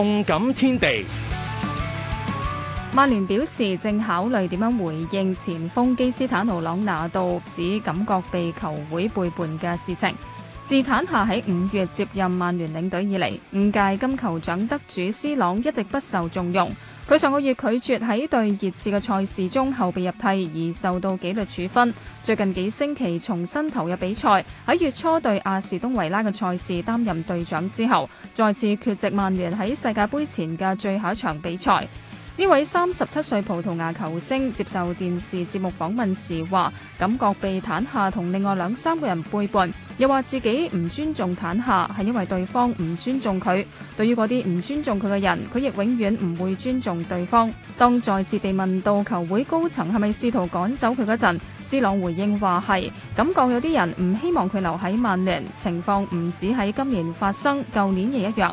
動感天地，曼聯表示，正考慮點樣回應前鋒基斯坦奴·朗拿度指感覺被球會背叛嘅事情。自坦夏喺五月接任曼聯領隊以嚟，五屆金球獎得主斯朗一直不受重用。佢上個月拒絕喺對熱刺嘅賽事中後備入替而受到紀律處分。最近幾星期重新投入比賽，喺月初對阿士東維拉嘅賽事擔任隊長之後，再次缺席曼聯喺世界杯前嘅最後一場比賽。呢位三十七歲葡萄牙球星接受電視節目訪問時話：感覺被坦夏同另外兩三個人背叛，又話自己唔尊重坦夏，係因為對方唔尊重佢。對於嗰啲唔尊重佢嘅人，佢亦永遠唔會尊重對方。當再次被問到球會高層係咪試圖趕走佢嗰陣，C 朗回應話：係，感覺有啲人唔希望佢留喺曼聯。情況唔止喺今年發生，舊年亦一樣。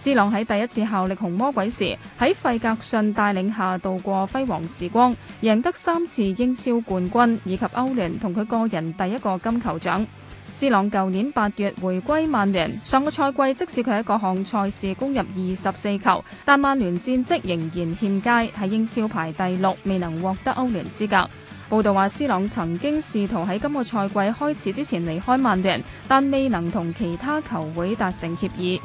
斯朗喺第一次效力紅魔鬼時，喺費格遜帶領下度過輝煌時光，贏得三次英超冠軍以及歐聯同佢個人第一個金球獎。斯朗舊年八月回歸曼聯，上個賽季即使佢喺各項賽事攻入二十四球，但曼聯戰績仍然欠佳，喺英超排第六，未能獲得歐聯資格。報道話斯朗曾經試圖喺今個賽季開始之前離開曼聯，但未能同其他球會達成協議。